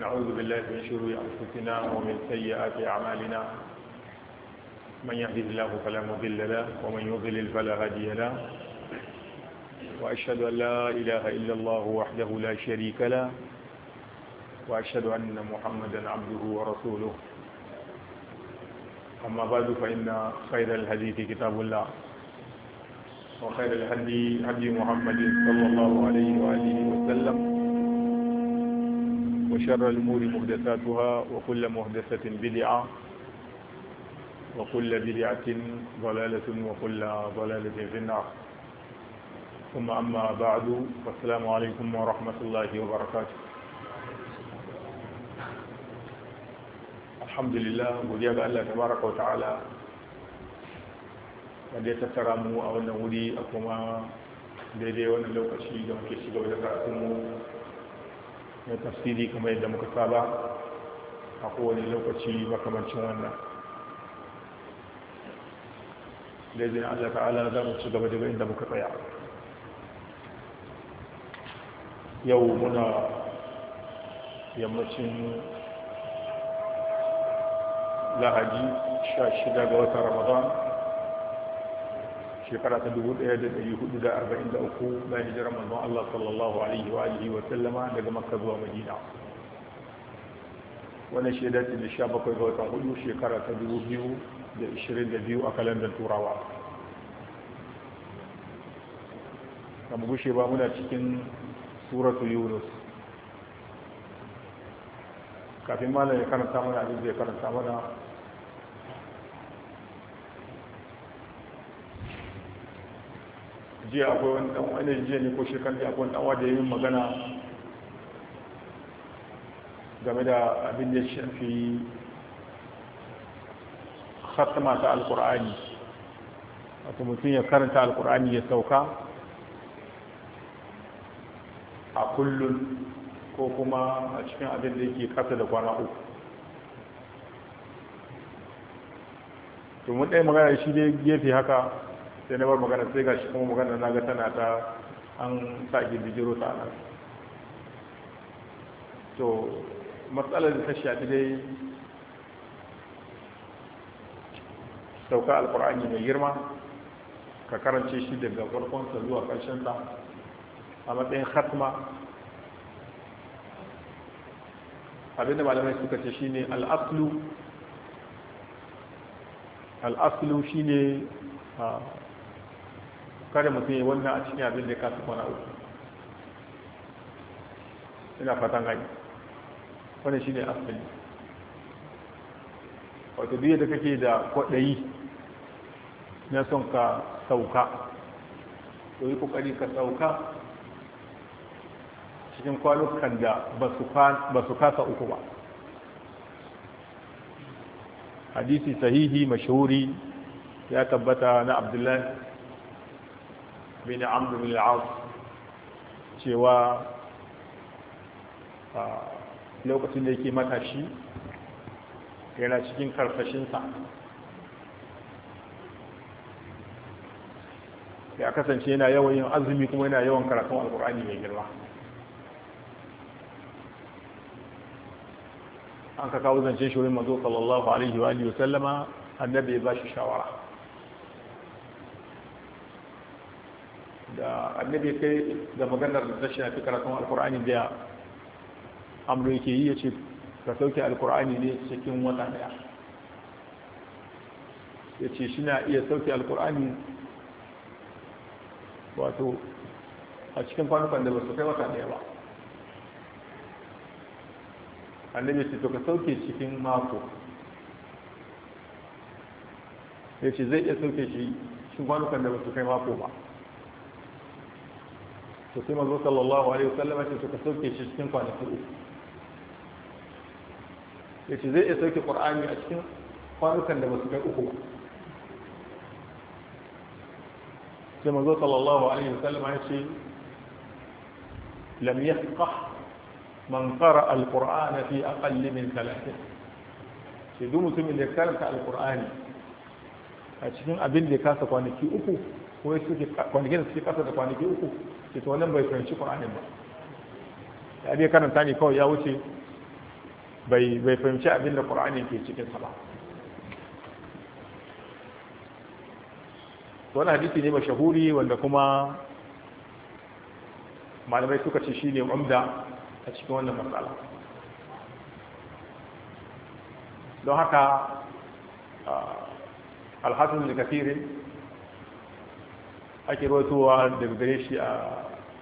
نعوذ بالله من شرور أنفسنا ومن سيئات أعمالنا من يهدي الله فلا مضل له ومن يضلل فلا هادي له وأشهد أن لا إله إلا الله وحده لا شريك له وأشهد أن محمدا عبده ورسوله أما بعد فإن خير الحديث كتاب الله وخير الهدي هدي محمد صلى الله عليه وآله وسلم وشر الأمور مهدثاتها وكل مهدثة بدعة وكل بدعة ضلالة وكل ضلالة في النار ثم أما بعد والسلام عليكم ورحمة الله وبركاته الحمد لله وجاب الله تبارك وتعالى ودي تترامو أو نولي أكما دي دي ونلوك الشيء دي ونكي الشيء na tafsiri kamar yadda muka saba a kowane lokaci makamancin wannan da zai Allah ta'ala za mu ci gaba daga inda muka tsaya yau muna yammacin lahadi 16 ga watan ramadan shekara ta 1443 bayan hijirar manzon Allah sallallahu alaihi wa alihi wa sallama daga Makka zuwa Madina wannan shaida ce da 17 ga watan hudu shekara ta 2022 a kalandar Turawa kamar gushe ba muna cikin suratu Yunus kafin malam ya karanta mana abin da ya karanta mana jiya akwai wani dan wani jiya ne ko shekaru akwai wani dan wanda ya yi magana game da abin da shafi khatama ta alkur'ani wato mutum ya karanta alkur'ani ya sauka a kullun ko kuma a cikin abin da yake kasa da kwana uku to mun ɗaya magana shi dai gefe haka sai na bar magana sai gashi kuma magana na ga tana ta an sa bijiro ta nan to matsalar da ta shafi dai sauka alkur'ani mai girma ka karance shi daga farkonsa zuwa ƙarshensa a matsayin khatma abinda malamai suka ce shine al'aslu al'aslu shine ah, kada mutum ya wannan a cikin abin da ya kasu kwana uku ina fatan gani wani shi ne asali wata biyu da kake da kwaɗayi na son ka sauka to yi kokari ka sauka cikin kwanukan da ba su kasa uku ba hadisi sahihi mashahuri ya tabbata na abdullahi bin amr bin al cewa lokacin da yake matashi yana cikin karfashinsa ya kasance yana yawan yin azumi kuma yana yawan karatun alkur'ani mai girma an ka kawo zance shi wurin mazo sallallahu alaihi wa sallama annabi ya ba shi shawara annabi kai da maganar da ta shafi karatun alkur'ani daya amru yake yi ya ce ka sauke alkur'ani ne cikin wata daya ya ce shi na iya sauke alkur'ani wato a cikin kwanukan da ba su kai wata daya ba annabi ce to ka sauke cikin mako ya ce zai iya sauke shi cikin kwanukan da ba su kai mako ba to sai manzo sallallahu alaihi wasallam ya ce ka sauke shi cikin kwanaki uku ya ce zai iya sauke qur'ani a cikin kwanukan da basu kai uku ba sai manzo sallallahu alaihi wasallam ya ce lam yafqah man qara al-qur'ana fi aqall min thalathin sai duk mutumin da ya karanta al-qur'ani a cikin abin da ya kasa kwanaki uku ko ya suke kwanaki da suke kasa da kwanaki uku ce to wannan bai fahimci qur'anin ba ya dai karanta ne kawai ya wuce bai bai fahimci abin da qur'ani ke cikin sa ba wannan hadisi ne mashahuri wanda kuma malamai suka ce shine umda a cikin wannan matsala don haka ah, alhassan da kafirin ake rawaitowa daga gare shi a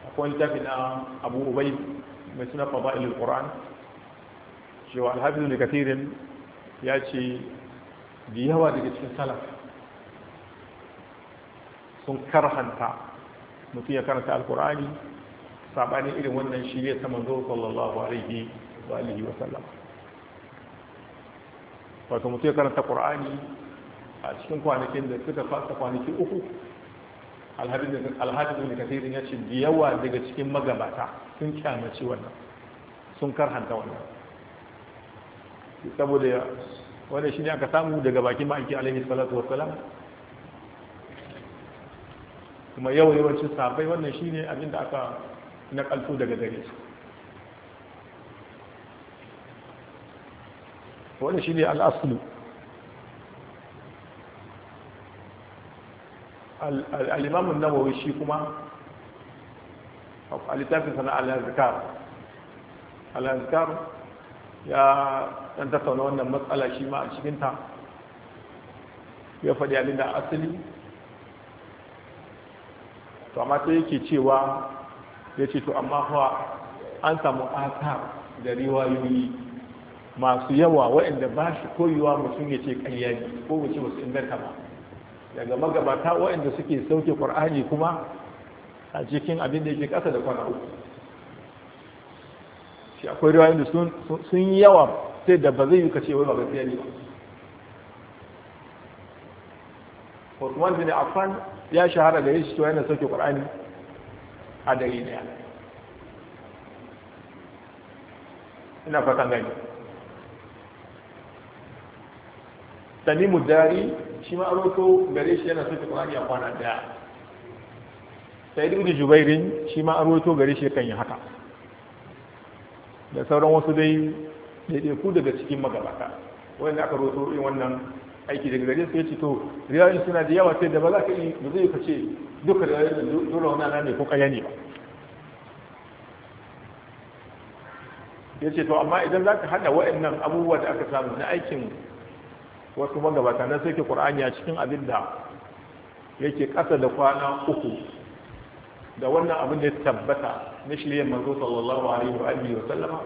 akwai na abu ubai mai suna fada'ilul qur'an cewa alhafizu da katirin ya ce da yawa daga cikin salaf sun karhanta mutum ya karanta alkur'ani saɓanin irin wannan shi ne ta manzo sallallahu alaihi wa alihi wa sallam wato mutum ya karanta qur'ani a cikin kwanakin da suka fasa kwanaki uku alhadisun ibn kathir ya ce da yawa daga cikin magabata sun kyamaci wannan sun karhanta wannan saboda wanda shi ne aka samu daga bakin ma'aiki alaihi salatu wassalam kuma yawan yawancin sabai wannan shi ne abinda aka aka nakalto daga dare su shi ne al'asulu al'imamun nawawi shi kuma a littafin sana al'azikar al'azikar ya ɗan tattauna wannan matsala shi ma a cikin ta, ya faɗi abin asali to amma ta yake cewa ya ce to amma hawa an samu asar da riwayoyi masu yawa waɗanda ba shi koyuwa mutum ya ce ƙayyari ko wuce wasu inganta ba daga magabata waɗanda suke sauke ƙwar'ani kuma a cikin abin da yake ƙasa da kwana uku shi akwai riwayoyin da sun yawa sai da ba zai yi kace wai ba gaskiya ne ba Usman bin Affan ya shahara da shi to yana sauke Qur'ani a dare ne ina fata gani Tamimu Dari shi ma aroko gare shi yana sauke qur'ani a kwana daya sai da jubairin shi ma aroko gare shi kan yi haka da sauran wasu dai ku daga cikin magabata wanda aka roto yin wannan aiki daga gare su ya ce to riwayoyin suna da yawa sai da ba za ka yi ba zai ka ce duka riwayoyin dole ana ne ko kaya ne ba ya ce to amma idan za ka wa'in waɗannan abubuwa da aka samu na aikin wasu magabata na sai ke ƙur'ani a cikin abin da yake ƙasa da kwana uku da wannan abin da ya tabbata na shirya manzo sallallahu alaihi wa alihi wa sallama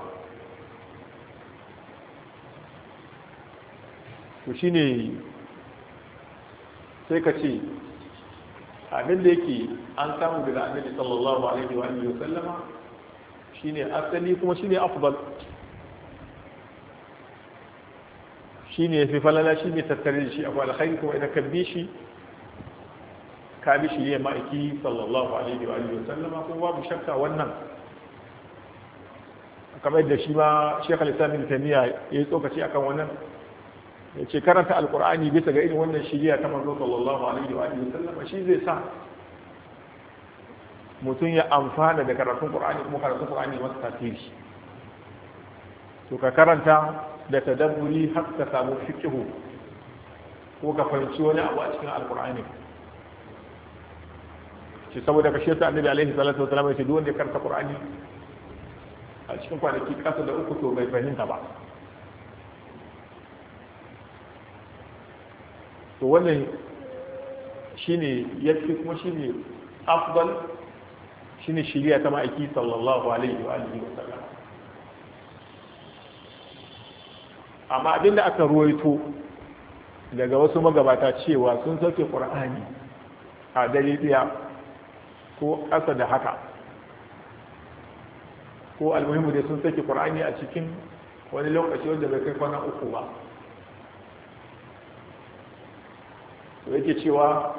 shi shine sai ka ce abin da yake an samu daga annabi sallallahu alaihi wa alihi wa sallama shine asali kuma shine afdal shi ne ya fi falala shi ne tattare da shi abu alkhairi kuma idan ka bi shi ka bi shi ne ma'aiki sallallahu alaihi wa alihi sallama ko babu shakka wannan kamar yadda shi ma shekul islam ibn tamiya ya yi tsokaci akan wannan ya ce karanta alkur'ani bisa ga irin wannan shiriya ta manzo sallallahu alaihi wa alihi sallama shi zai sa mutum ya amfana da karatun qur'ani kuma karatun qur'ani masa tasiri to ka karanta da tadabburi har ka samu fikihu ko ka fahimci wani abu a cikin alkur'ani shi saboda ka shi ta annabi alaihi salatu wasallam ya ce duk wanda karanta qur'ani a cikin kwanaki kasa da uku to bai fahimta ba to wannan shine yafi kuma shine afdal shine shiriya ta ma'aiki sallallahu alaihi wa alihi wa sallam amma da aka ruwaito daga wasu magabata cewa sun sauke ƙur'ani a dare ɗaya ko ƙasa da haka ko almuhimmu da sun sauke ƙur'ani a cikin wani lokaci wanda bai kai kwana uku ba to yake cewa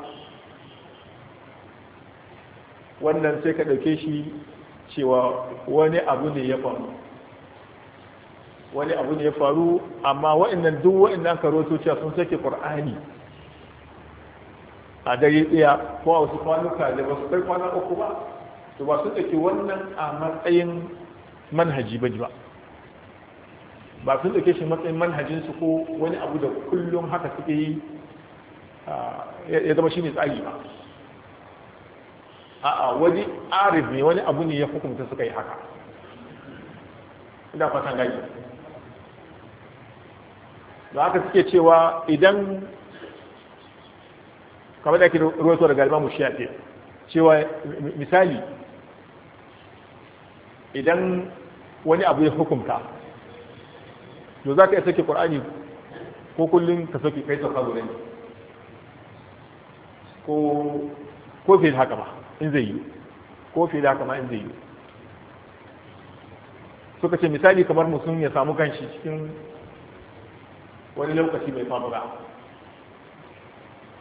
wannan sai ka ɗauke shi cewa wani abu ne ya faru wani abu ne ya faru amma wa'annan duk wa'annan karo cewa sun sake qur'ani a dare ɗaya ko a wasu kwanuka da su kai kwana uku ba to ba su ɗauki wannan a matsayin manhaji ba ba ba sun ɗauke shi matsayin manhajinsu ko wani abu da kullum haka suke yi ya zama shi ne tsari ba a'a wani arif ne wani abu ne ya hukunta suka yi haka ina fatan gaji da aka suke cewa idan kamar da ake ruwaito galiba mushi ake cewa misali idan wani abu ya hukunta to za ka iya sake ƙwar'ani ko kullum ka sake kai sauka guda ne ko fiye da haka ba in zai yi ko fiye da haka ma in zai yi suka ce misali kamar musulun ya samu kanshi cikin wani lokaci mai faru ba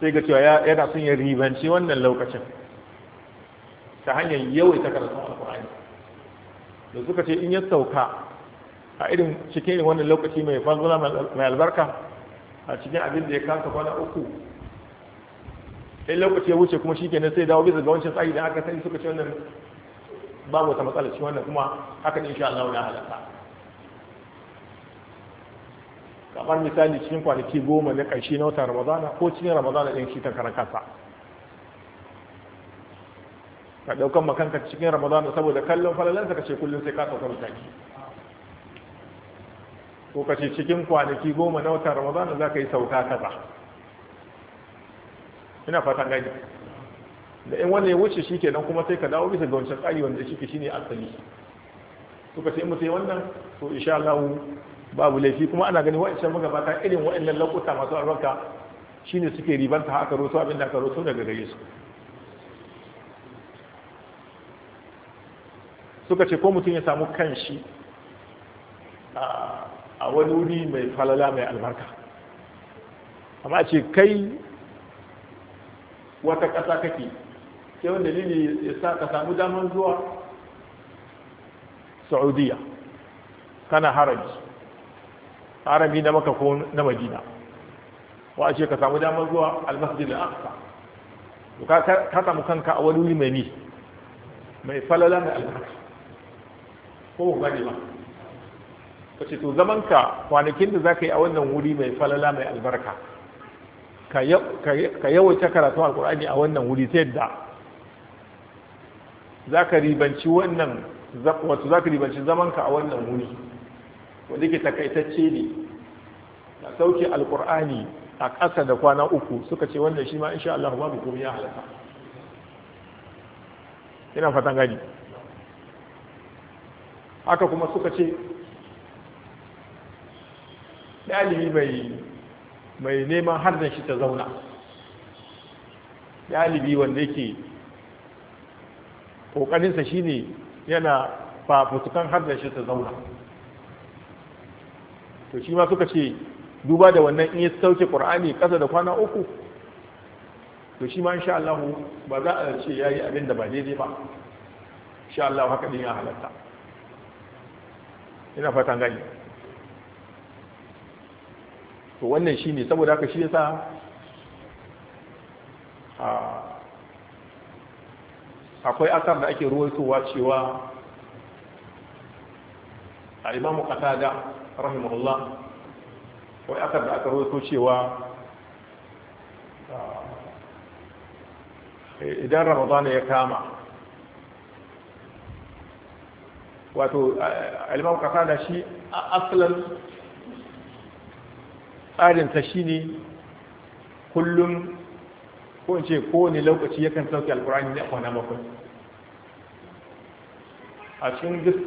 sai ga cewa yana son ya ribanci wannan lokacin ta hanyar yawaita karatun alkur'ani da suka ce in ya sauka a irin cikin wannan lokaci mai fazula mai albarka a cikin abin da ya kanta kwana uku sai lokaci ya wuce kuma ne sai dawo bisa ga wancan tsari da aka sani suka ce wannan babu wata matsala wannan kuma haka insha Allah ya halaka kamar misali cikin kwanaki goma na ƙarshe na wata ramazana ko cikin Ramazana ɗin shi ta karakasa ka ɗaukan makanka cikin Ramazana saboda kallon falalansa ka ce kullum sai ka sauka mutane. ko ka ce cikin kwanaki goma na watan Ramazana za ka yi sauka kaza ina fatan gani da in wanda ya wuce shi ke nan kuma sai ka dawo bisa ga wancan tsari wanda shi ke ne asali suka ce mutu wannan to insha Allah babu laifi kuma ana gani wa'ancan magabata irin wa'annan lokuta masu albarka shine suke ribanta haka roto abin da aka roto daga gare su suka ce ko mutum ya samu kanshi a wani wuri mai falala mai albarka amma ce kai wata ƙasa kake ke wanda lili ya sa ka samu damar zuwa saudiya kana haraji harami na maka ko na madina wa ce ka samu damar zuwa almasjid al-aqsa to ka ka samu kanka a wani wuri mai ni mai falala da albarka ko ba ne ba ka ce to zaman ka kwanakin da ka yi a wannan wuri mai falala mai albarka ka yawaita karatu alkur'ani a wannan wuri ta yadda za ka ribanci wannan wato za ka ribanci zamanka a wannan wuri wanda ke takaitacce ne da sauke alkur'ani a ƙasa da kwana uku suka ce wanda shi ma insha Allah babu kuma ya halaka ina fatan gani haka kuma suka ce ɗalibi mai mai neman harzan shi ta zauna ɗalibi wanda yake ƙoƙarinsa shi ne yana fafutukan harzan shi ta zauna to shi ma suka ce duba da wannan in ya sauke qur'ani kasa da kwana uku to shi ma insha Allah ba za a ce yayi abin da ba daidai ba insha Allah haka din ya halatta ina fatan gani to wannan shine saboda haka shi yasa akwai asar da ake ruwaitowa cewa a imamu kasada rahimahullah wai aka da aka roto cewa eh, idan ramadana ya kama wato alimam eh, kasa da shi asalin tsarinsa shi ne kullum ko ce kowane lokaci yakan sauke alkurani ne a kwanan bakwai a cikin duk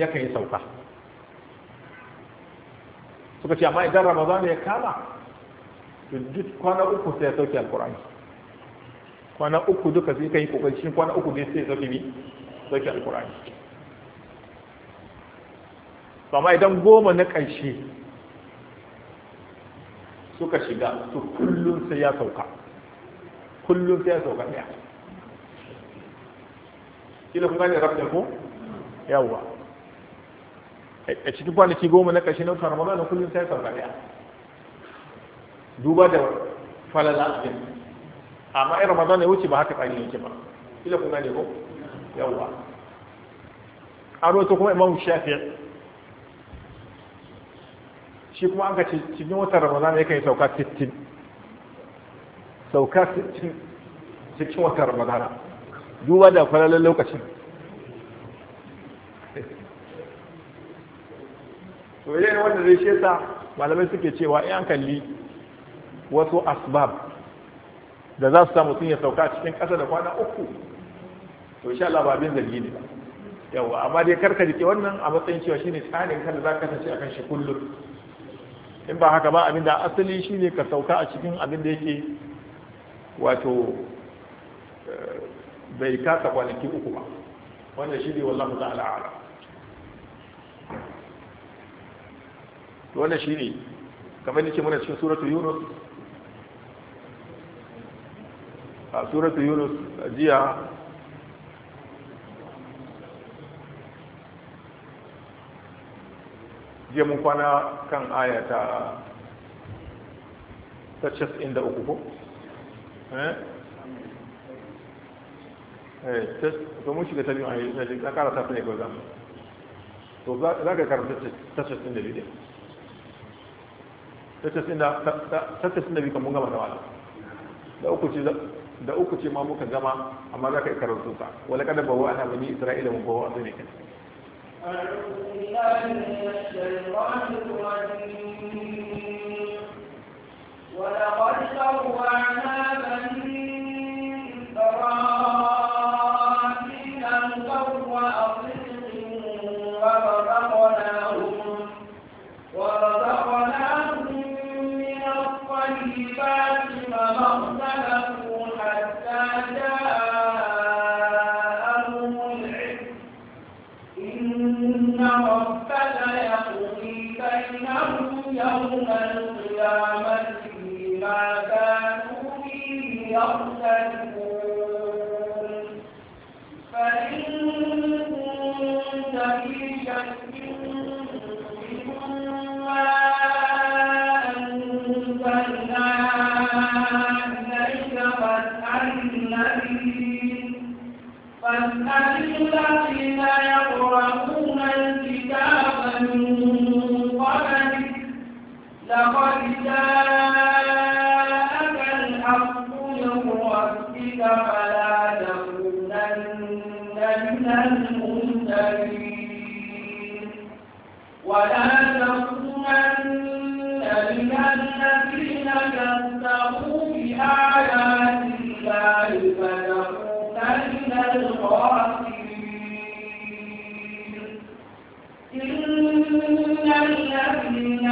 yakan yi sauka suka ce amma idan ramadan ya kama to duk kwana uku sai ya sauke alkur'ani kwana uku duka sai yi kokari shi kwana uku ne sai ya sauke mi sauke alkur'ani amma idan goma na ƙarshe suka shiga to kullum sai ya sauka kullum sai ya sauka ɗaya kila kun gane rabin ko yawwa a cikin kwanaki goma na ƙarshe na watan ramadana kullum sai farka ɗaya duba da falala abin amma ya ramadana ya wuce ba haka tsari yake ba ila kun ne ko yawwa a rawaito kuma imam shafi shi kuma an ka cikin watan ramadana yakan yi sauka 60 sauka 60 cikin wata ramadana duba da falalar lokacin to ne wanda zai shesa malamai suke cewa in an kalli wasu asbab da za su samu sun ya sauka cikin ƙasa da kwana uku to insha Allah ba zargi ne yawa amma dai karka jike wannan a matsayin cewa shine tsarin kan da za ka kasance akan shi kullum in ba haka ba abin da asali shine ka sauka a cikin abin da yake wato eh, bai kasa kwanaki uku ba wannan shi ne ta'ala a'lam to wannan shi ne kamar yake muna cikin suratul yunus a suratul yunus jiya jiya mun kwana kan ayata ta ta cas inda uku ko? eh? eh to mun shiga ta biyu a yi na kara ta fi ne ko zama to za ka karanta ta cas inda biyu ta da gama da da uku ce ma muka gama amma za ka yi karar suka wale kada bawa ana bani isra'ila mun bawa a zai ne kan ولقد شرعنا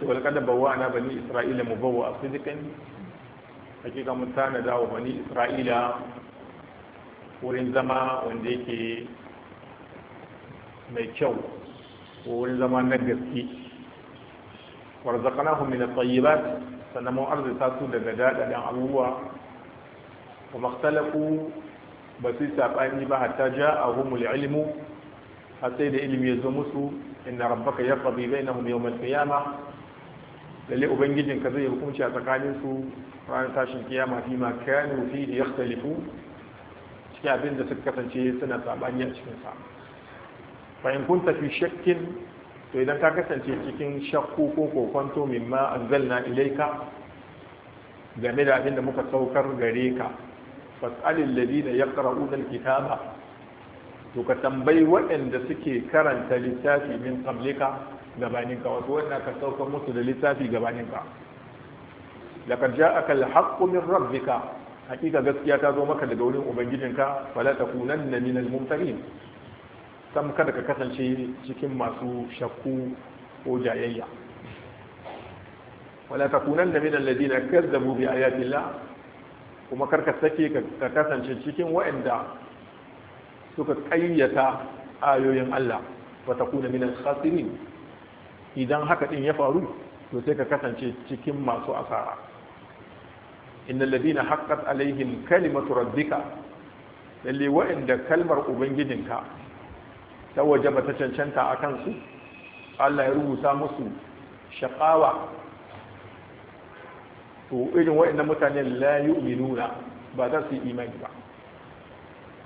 ce kada bawa na bani isra'ila mu bawa a fizikan hakika mun wa bani isra'ila wurin zama wanda yake mai kyau ko wurin zama na gaske warzaqnahum min at-tayyibat sannan mun arzuta su daga dadadan abubuwa wa makhtalafu ba su ba hatta ja'ahum al-ilm hatta da ilimi ya zo musu inna rabbaka yaqdi bainahum yawm al-qiyamah lalle ubangijin ka zai hukunci a tsakanin su ranar tashin kiyama fi ma kanu fi yakhtalifu cikin abin da suka kasance suna sabani a cikin sa fa in kunta shakkin to idan ka kasance cikin shakku ko kokonto mimma anzalna ilayka game da abin da muka saukar gare ka fas'alil ladina yaqra'una alkitaba to ka tambayi waɗanda suke karanta littafi min qablika gabaninka wasu wanda ka saukar musu da littafi gabaninka laqad ja'aka al-haqqu min rabbika hakika gaskiya ta zo maka daga wurin ubangijinka fala takunanna min al-mumtarin sam kada ka kasance cikin masu shakku ko jayayya wala ta takunanna min alladhina kazzabu bi ayati llah kuma ka sake ka kasance cikin waɗanda suka kayyata ayoyin Allah wa takuna min al-khasirin idan haka din ya faru to sai ka kasance cikin masu asara innal ladina haqqat alaihim kalimatu rabbika lalle wa'anda kalmar ubangijinka ta wajaba ta cancanta akan su Allah ya rubuta musu shaqawa to irin wa'annan mutane la yu'minuna ba za su imani ba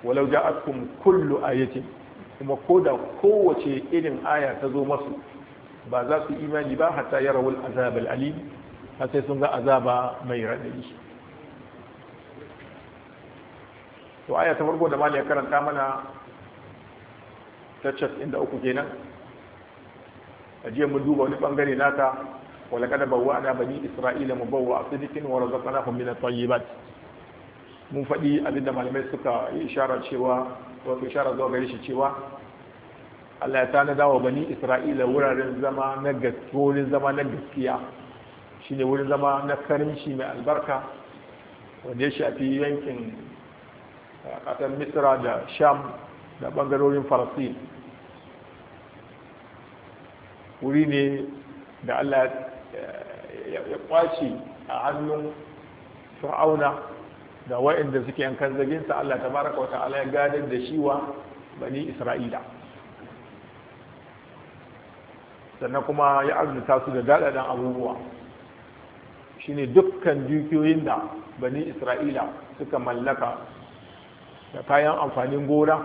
walau ja'atkum kullu ayatin kuma koda kowace irin aya ta zo masu ba za su imani ba hatta ya rawul azab al'alim har sai sun ga azaba mai raɗaɗi to aya ta farko da mali karanta mana tacce inda uku kenan a jiya mun duba wani bangare nata wala kada bawa ana bani isra'ila mu bawa asidikin wa razaqnahum min at-tayyibat mun faɗi abinda malamai suka yi ishara cewa wato ishara zuwa gare shi cewa Allah ya tanada wa bani Isra'ila wuraren zama na gaske, wurin zama na gaskiya shine wurin zama na karimci mai albarka wanda ya shafi yankin ƙasar Misra da Sham da bangarorin Farasin wuri ne da Allah ya kwace a hannun fir'auna da wa'inda suke yankan zaginsa Allah baraka wata ala ya gadar da shiwa bani Isra'ila sannan kuma ya arzuta su da daɗaɗen abubuwa shine dukkan dukiyoyin da bani isra'ila suka mallaka da kayan amfanin gona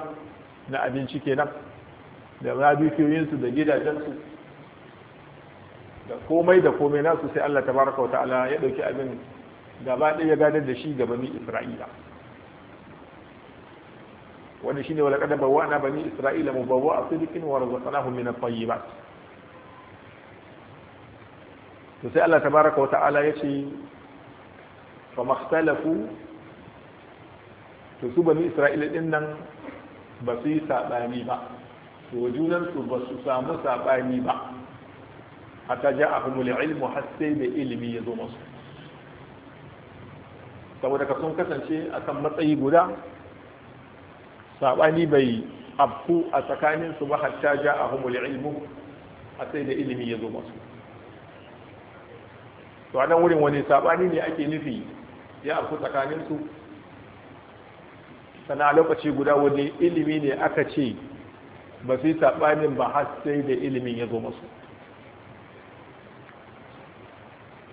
na abinci kenan da na dukiyoyinsu da gidajensu da komai da komai nasu sai Allah Ta tabaraka wata'ala ya ɗauki abin gaba ɗaya ya gadar da shi ga bani isra'ila wani shi ne wala kadaba bawa na bani isra'ila mu bawa a sidikin wa razaqnahum min at ba? to sai Allah tabaraka wata'ala ya ce fa makhtalafu to su bani isra'ila din nan ba su yi saɓani ba to su ba su samu saɓani ba hatta ja ahumul ilmu har sai da ilimi ya zo masu saboda ka sun kasance akan matsayi guda saɓani bai abku a tsakaninsu ba hatta ja ahumul ilmu har sai da ilimi ya zo masu to a nan wurin wani sabani ne ake nufi ya afku tsakanin su sana a lokaci guda wani ilimi ne aka ce ba su yi sabanin ba har sai da ilimin ya zo masu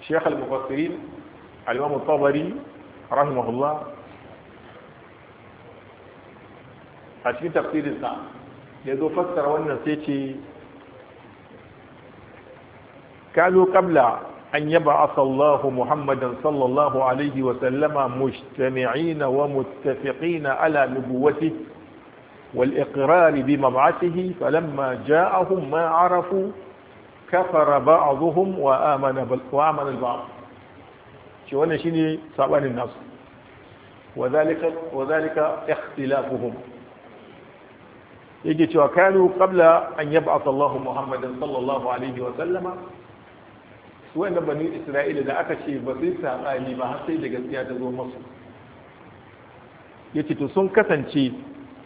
shekhal mafasirin mufassirin tabari rahimahullah a cikin tafsirinsa ya zo fassara wannan sai ce kano kabla أن يبعث الله محمدا صلى الله عليه وسلم مجتمعين ومتفقين على نبوته والإقرار بمبعثه فلما جاءهم ما عرفوا كفر بعضهم وآمن, وآمن البعض شو أنا شيني صعبان الناس وذلك, وذلك اختلافهم يجي كانوا قبل أن يبعث الله محمدا صلى الله عليه وسلم su wanda bani isra'ila da aka ce ba sai saɓani ba har sai da gaskiya ta zo masu ya ce to sun kasance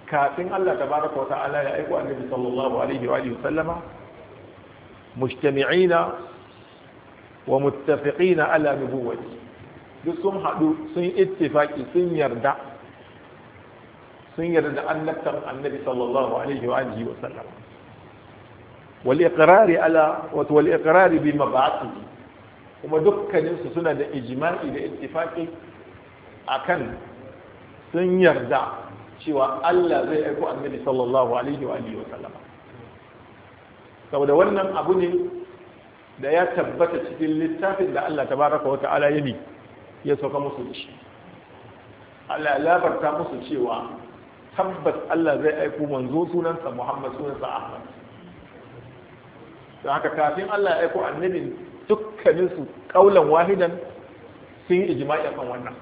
kafin allah ta baraka wa ta'ala ya aiko annabi sallallahu alaihi wa alihi sallama mujtami'ina wa muttafiqina ala nubuwwati duk sun haɗu sun ittifaki sun yarda sun yarda annabtan annabi sallallahu alaihi wa alihi wa sallam wal iqrari ala wa wal iqrari bi mab'athihi kuma dukkaninsu suna da ijima'i da ittifaqi akan sun yarda cewa Allah zai aiko annabi sallallahu alaihi wa alihi wa sallama saboda wannan abu ne da ya tabbata cikin littafin da Allah tabaraka wa ta'ala ya bi ya sauka musu da shi Allah ya labarta musu cewa tabbas Allah zai aiko manzo sunansa Muhammad sunansa Ahmad Da haka kafin Allah ya aiko annabin dukkaninsu kaulan wahidan sun yi ijma'i kan wannan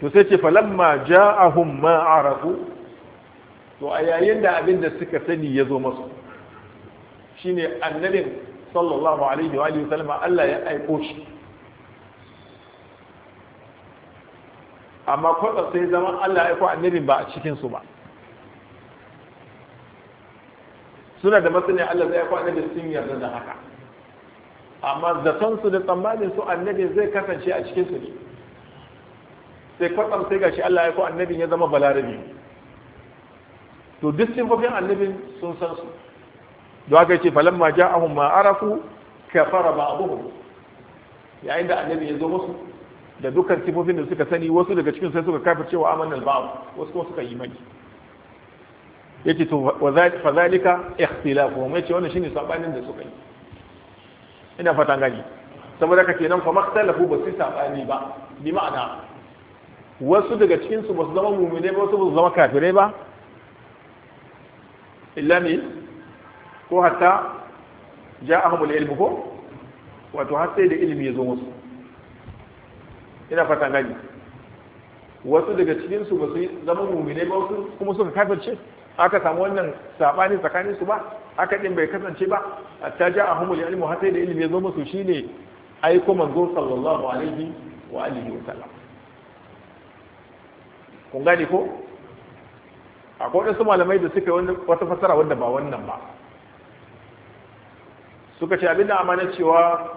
to sai ce falamma ja'ahum ma arafu to a yayin da abin da suka sani ya zo masu shine annabin sallallahu alaihi wa alihi sallama Allah ya aiko shi amma kwatsa sai zama Allah ya aiko annabin ba a cikin su ba suna da masani Allah zai kwana annabi sun yarda da haka amma zaton su da tsammanin su annabi zai kasance a cikin su ne sai kwatsam sai gashi Allah ya ko annabi ya zama balarabi to duk sifofin annabi sun san su don haka ce falamma ja'ahum ma arafu kafara ba'dhum yayin da annabi ya zo musu da dukkan sifofin da suka sani wasu daga cikin sai suka kafa cewa amanna al wasu kuma suka yi mani ya ce fa zalika ikhtilafuhum ce wannan shine sabanin da suka yi ina fata gani saboda ka kenan fa makhtalafu ba su sabani ba bi ma'ana wasu daga cikin su ba su zama mu'mine ba wasu ba su zama kafirai ba illa ne ko hatta ja'ahumul ilmu ko wato har sai da ilimi ya zo musu ina fata gani wasu daga cikin su ba su zama mu'mine ba wasu kuma suka kafirce aka samu wannan sabani tsakanin su ba aka din bai kasance ba ta ja ahumul ilmu sai da ilimi ya zo musu shine aiko manzo sallallahu alaihi wa alihi wa sallam kun gane ko akwai wasu malamai da suka wata fasara wanda ba wannan ba suka ce abinda amana cewa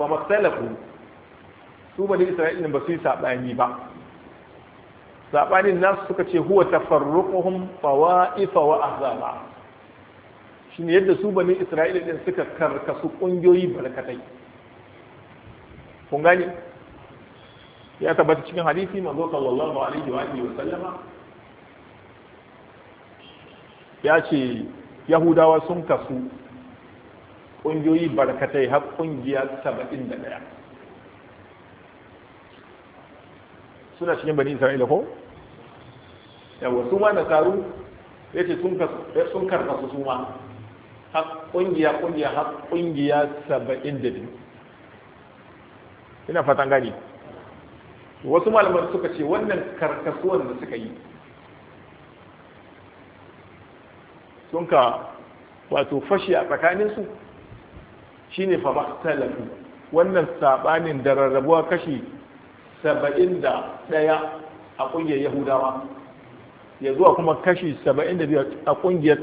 wa maktalafu su bani isra'ilin ba su yi sabani ba sabanin nasu suka ce huwa tafarruquhum fawaifa wa ahzaba shine yadda su bani isra'ila din suka karkasu kungiyoyi barkatai kun gani ya tabbata cikin hadisi manzo sallallahu alaihi wa alihi wa sallama ya ce yahudawa sun kasu kungiyoyi barkatai har kungiya 71 suna cikin bani isra'ila ko yawa su ma na karu ya ce sun karkasu su ma har ƙungiya har saba'in da biyu ina fatan gani wasu malamar suka ce wannan karkasuwan da suka yi sun ka wato fashi a tsakaninsu ne fama, talafi wannan sabanin da rarrabuwa kashi saba'in da ɗaya a ƙungiyar yahudawa ya zuwa kuma kashi 72 a kungiyar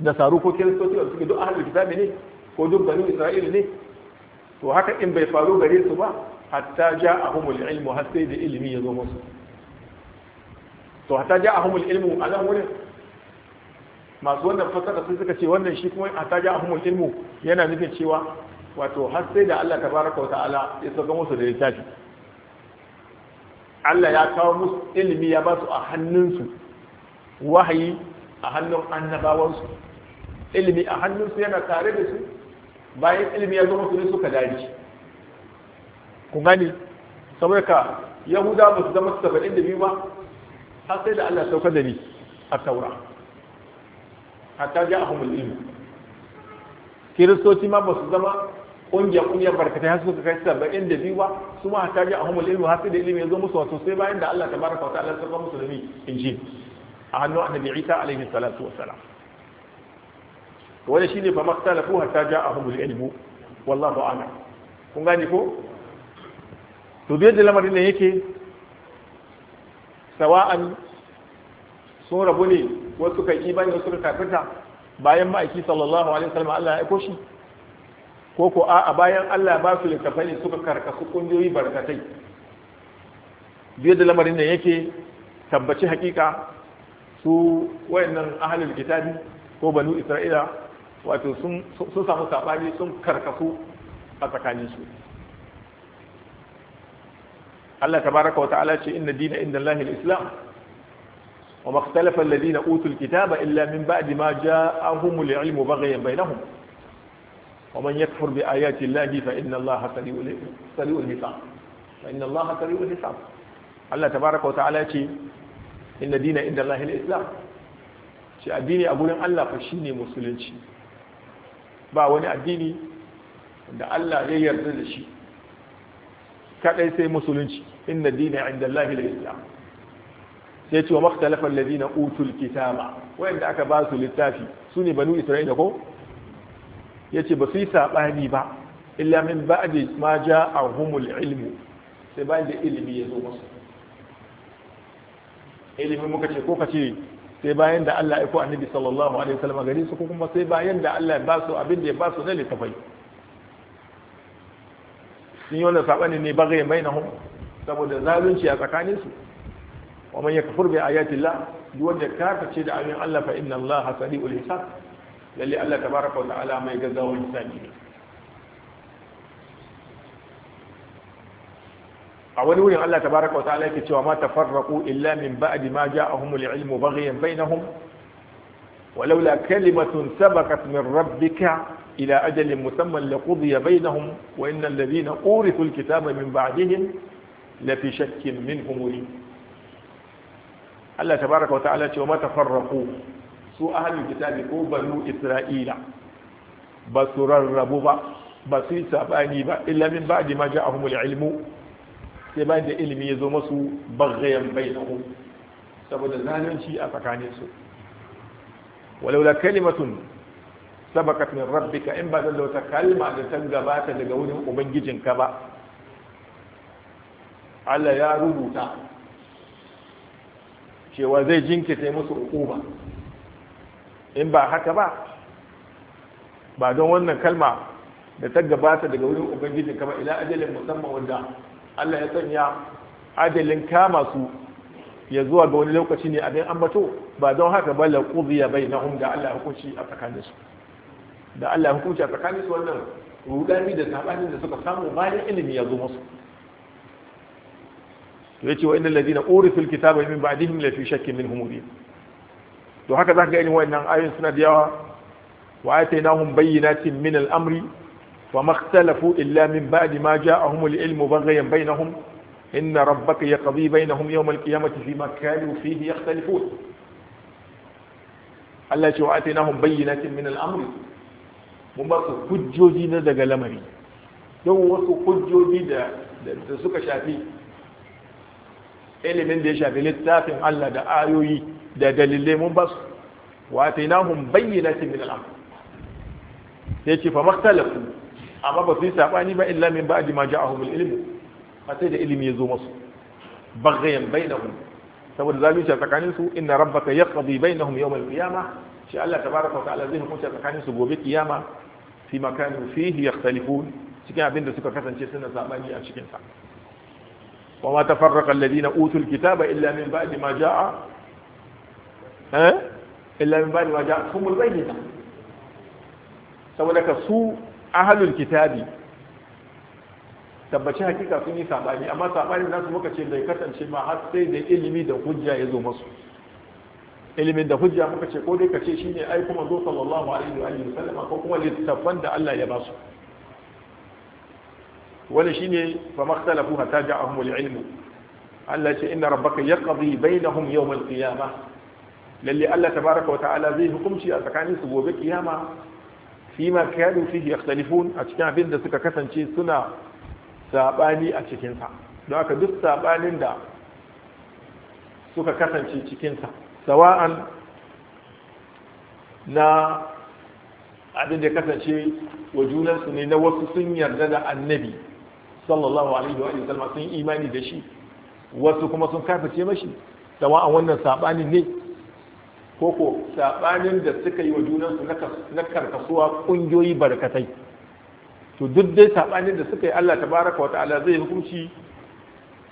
nasaru ko kiristoci wanda suke duk ahalin kitabi ne ko duk banu isra'ila ne to haka in bai faru gare su ba hatta ja'ahumul ilmu har sai da ilimi ya zo musu to hatta ja'ahumul ilmu a nan wurin masu wannan fasara sun suka ce wannan shi kuma hatta ja'ahumul ilmu yana nufin cewa wato har sai da Allah tabaraka wa ta'ala ya saka musu da littafi Allah ya kawo musu ilimi ya ba su a hannunsu wahayi a hannun annabawansu ilimi a hannunsu yana tare da su bayan ilimi ya zo musu ne suka dari ku gani saboda ka yahuda ba su zama saba'in da biyu ba har sai da Allah sauka da ni a taura hatta ja ahumul ilmi kiristoci ma ba su zama Kungiyar kungiya barkatai har suka kai saba'in da biyu ba su ma ta ji a humul ilmi har sai da ilimi ya zo musu wato sai bayan da Allah tabaraka wa ta'ala sarfa musu da in ji a hannun annabi Isa alaihi salatu wa salam wani shine fa maktalafu hatta ja'ahumul ilmu wallahu a'lam kun gane ko to da lamarin ne yake sawa'an sun rabu ne wasu kan imani wasu kan kafirta bayan ma'aiki sallallahu alaihi wasallam Allah ya aiko shi ko ko a bayan Allah ba su littafai ne suka karkasu kungiyoyi barkatai biyar da lamarin da yake tabbaci hakika su wayannan ahalul kitabi ko banu isra'ila wato sun samu saɓani, sun karkasu a tsakanin su Allah tabaraka wa ta'ala ce inna dina inda Allah islam wa makhtalafa alladhina utul kitaba illa min ba'di ma ja'ahumul ilmu baghyan bainahum ومن يكفر بآيات الله فإن الله سريع الحساب فإن الله سريع الحساب Allah tabaraka wa ta'ala ce inna dina inda Allahil Islam ce addini a gurin Allah fa shine musulunci ba wani addini da Allah ya yarda da shi kadai sai musulunci inna dina inda Allahil Islam sai ce wa makhtalafa alladhina utul kitaba wanda aka ba su littafi sune banu Isra'ila ko yace ba su yi sabani ba illa min ba'di ma humul ilmu sai bayan da ilimi ya zo masu, ilimi muka ce ko ka ce sai bayan da Allah ya annabi sallallahu alaihi wasallam gare su ko kuma sai bayan da Allah ya ba su abin da ya ba su na littafai sun yi wannan sabani ne bagai bainahum saboda zalunci a tsakanin su wa man yakfur bi ayati Allah duk wanda ce da abin Allah fa inna Allah sari'ul hisab للي الله تبارك وتعالى ما يجزاه الإنسان أولي ولي الله تبارك وتعالى كتوا ما تفرقوا إلا من بعد ما جاءهم العلم بغيا بينهم ولولا كلمة سبقت من ربك إلى أجل مسمى لقضي بينهم وإن الذين أورثوا الكتاب من بعدهم لفي شك منهم مريب الله تبارك وتعالى وما تفرقوا su ahalin kitabi ko banu isra'ila ba su rarrabu ba ba su yi sabani ba ilamin ba da maja ahumul ilmu sai bayan da ilimi ya zo masu bagayen hu saboda zalunci a tsakanin su walaula kalimatun sabakat min rabbika in ba zan lauta kalma da ta gabata daga wurin ka ba Allah ya rubuta cewa zai jinkita musu hukuma in ba haka ba ba don wannan kalma da ta gabata daga wurin ubangiji kama ila ajalin musamman wanda Allah ya sanya ajalin kama su ya zuwa ga wani lokaci ne abin ambato ba don haka ba la qudiya bainahum da Allah hukunci a tsakanin su da Allah hukunci a tsakanin su wannan rudani da sabanin da suka samu bayan ilimi ya zo musu to yace wa innal ladina urifil kitaba min ba'dihim la fi shakkin minhum mubin to haka zaka ga irin wayannan ayoyin suna da yawa wa ataynahum bayyinatin min al-amri wa makhtalafu illa min ba'di ma ja'ahum al-ilmu baghayan bainahum inna rabbaka yaqdi bainahum yawm al-qiyamati fi ma kanu fihi yakhtalifun Allah ce wa ataynahum bayyinatin min al-amri mun ba su hujjoji na daga lamari don wasu hujjoji da da suka shafi ilimin da ya shafi littafin Allah da ayoyi da dalilai mun basu wa atainahum bayyinatin min al sai ce fa makhtalafu amma ba su yi sabani ba illa min ba'di ma ja'ahum al-ilm fa sai da ilimi yazo musu baghayan bainahum saboda zalunci a tsakanin su inna rabbaka yaqdi bainahum yawm al-qiyamah shi Allah tabaraka wa ta'ala zai hukunta tsakanin su gobe kiyama fi makanin fihi yakhtalifun cikin abin da suka kasance suna sabani a cikin sa وما تفرق الذين Utul, kitaba الا من بعد ما جاء illa min ba'di ma ja'atuhumul bayyina saboda ka su ahlul kitabi tabbaci hakika sun yi sabani amma sabanin nasu muka ce bai kasance ma har sai da ilimi da hujja ya zo masu ilimin da hujja muka ce ko dai ka ce shine ai kuma zo sallallahu alaihi wa alihi sallama ko kuma littafan da Allah ya ba su wani shine fa makhtalafu hatta ja'ahum al-ilm Allah ce inna rabbaka yaqdi bainahum yawm al-qiyamah lalle Allah tabaraka wa ta'ala zai hukunci a tsakanin su gobe kiyama fi ma kadu fihi yakhtalifun a cikin abin da suka kasance suna sabani a cikin sa don haka duk sabanin da suka kasance cikin sa sawa'an na abin da kasance wa junansu ne na wasu sun yarda da annabi sallallahu alaihi wa sallam sun imani da shi wasu kuma sun kafirce mashi sawa'an wannan sabanin ne koko saɓanin da suka yi wa junansu na karkasuwa ƙungiyoyi barkatai to duk dai saɓanin da suka yi Allah tabaraka wa ta'ala zai hukunci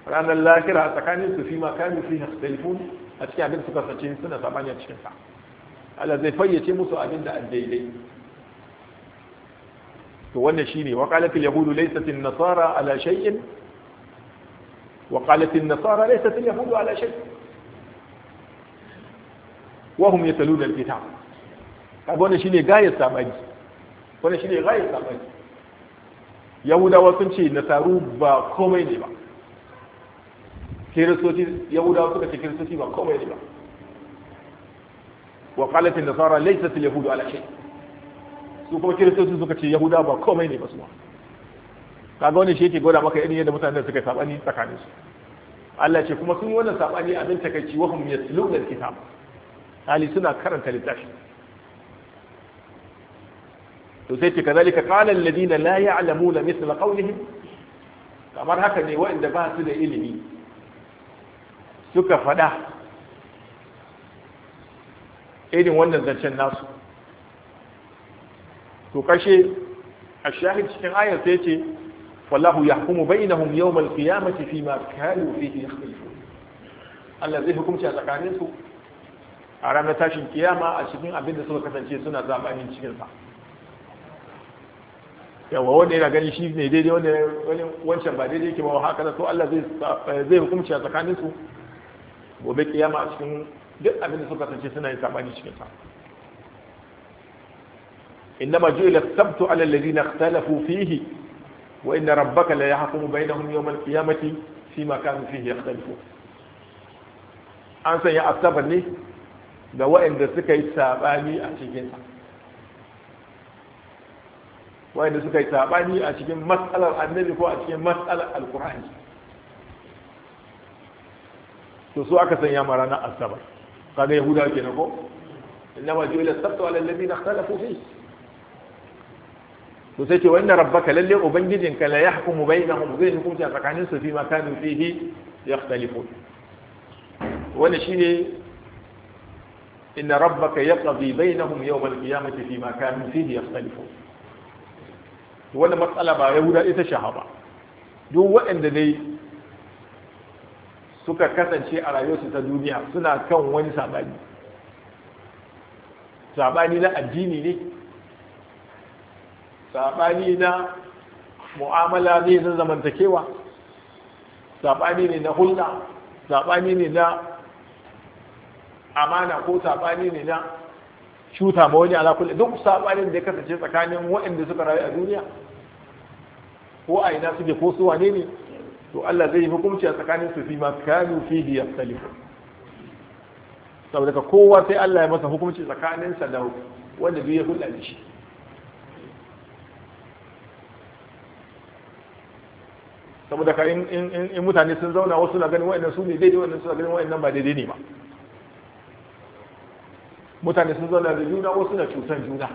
ranar lahira a tsakanin su fi makami fi hastalifun a cikin abin suka sace suna saɓani a cikin sa Allah zai fayyace musu abin da an daidai to wannan shine wa qalat al yahud laysat an nasara ala shay'in wa qalat an nasara laysat al yahud ala shay'in wahum yataluna alkitab ka wannan shine gayar sabani wannan shine gayar sabani yahudawa sun ce nasaru ba komai ne ba kiristoci yahudawa suka ce kiristoci ba komai ne ba wa qalat an-nasara laysat al yahud ala shay su kuma kiristoci suka ce yahuda ba komai ne ba su kaga wannan shi yake gwada maka irin yadda mutanen suka sabani tsakaninsu Allah ce kuma sun yi wannan sabani abin takaici wahum yatlu al-kitab ali suna karanta littafi to sai ce kazalika qala alladhina la ya'lamuna mithla qawlihim kamar haka ne waɗanda ba su da ilimi suka fada irin wannan zancen nasu to kashe a shahid cikin ayar sai ce wallahu yahkumu bainahum yawm alqiyamati fima kanu fihi yakhtalifun Allah zai hukunci tsakaninsu a ranar tashin kiyama a cikin abin da suka kasance suna zamanin cikinsa yawa wanda yana gani shi ne daidai wanda wancan ba daidai ke ba haka da to Allah zai eh, hukumci a tsakanin su gobe kiyama a cikin duk abin da suka kasance suna yin sabani cikin sa ma ju'ila sabtu ala alladhina ikhtalafu fihi wa inna rabbaka la yahkumu bainahum yawm al-qiyamati fima kanu fihi yakhtalifu an sanya asabar ne Da waɗanda suka yi saɓani a cikinsa waɗanda suka yi saɓani a cikin matsalar annabi ko a cikin matsalar alkur'ani to su aka sanya ma ranar asabar kaga yahuda ke na ko inna ma jiwila sabta ala alladhina ikhtalafu fi to sai ce wa inna rabbaka lalle ubangijinka la yahkumu bainahum zai hukunta tsakanin su fi ma kanu fihi yakhtalifun wannan shine inna rabbaka yaqdi bainahum yawm al-qiyamati ma kanu fihi yakhtalifun wannan matsala ba yahuda ita shahaba duk waɗanda dai suka kasance a rayuwarsu ta duniya suna kan wani sabani sabani na addini ne sabani na mu'amala ne na zamantakewa sabani ne na hulɗa sabani ne na amana ko sabani ne na shuta ma wani ala kulli duk sabanin da ya kasance tsakanin waɗanda suka rayu a duniya ko a ina suke ko su wane ne to Allah zai yi hukunci a tsakanin su fi ma kanu fi bi yastalifu saboda kowa sai Allah ya masa hukunci tsakanin sa da wanda duk ya hulɗa da shi saboda ka in mutane sun zauna wasu na ganin wa'annan su ne daidai wa'annan suna ganin wa'annan ba daidai ne ba mutane sun zauna da juna wasu na cutan juna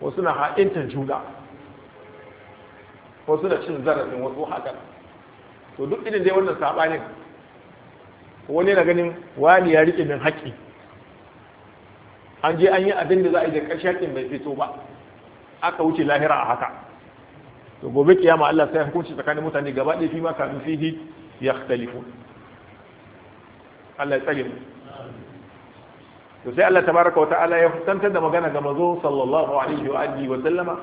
wasu na ha'intan juna wasu na cin zarafin wasu haka to duk idin dai wannan sabanin wani na ganin wani ya riƙe min haƙƙi an je an yi abin da za a yi da ƙarshe haƙƙin bai fito ba aka wuce lahira a haka to gobe kiyama Allah sai hukunci tsakanin mutane gaba ɗaya fi ma kafin fihi ya Allah ya tsare mu to sai Allah tabaraka wa ta'ala ya kusantar da magana ga manzo sallallahu alaihi wa alihi wa sallama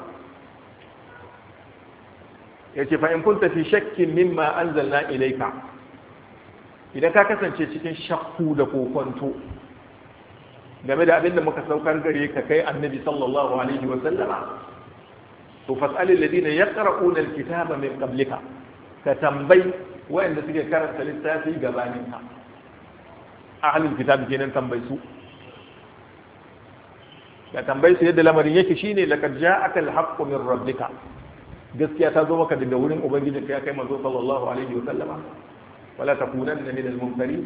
yace fa in kunta fi shakkin mimma anzalna ilayka idan ka kasance cikin shakku da kokonto game da abin da muka saukar gare ka kai annabi sallallahu alaihi wa sallama to fas'alil ladina yaqra'una alkitaba min qablika ka tambayi wa'anda suke karanta littafi gabaninka ahlul kitab kenan tambayi su ya tambayi su yadda lamarin yake shine laqad ja'aka al-haqqu min rabbika gaskiya ta zo maka daga wurin ubangijinka ya kai manzo sallallahu alaihi wa sallama wala takunanna min al mumfari,